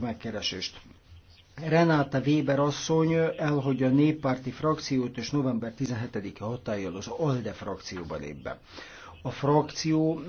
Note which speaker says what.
Speaker 1: megkeresést. Renáta Weber asszony elhagyja a néppárti frakciót, és november 17-e hatállyal az ALDE frakcióba lép be. A frakció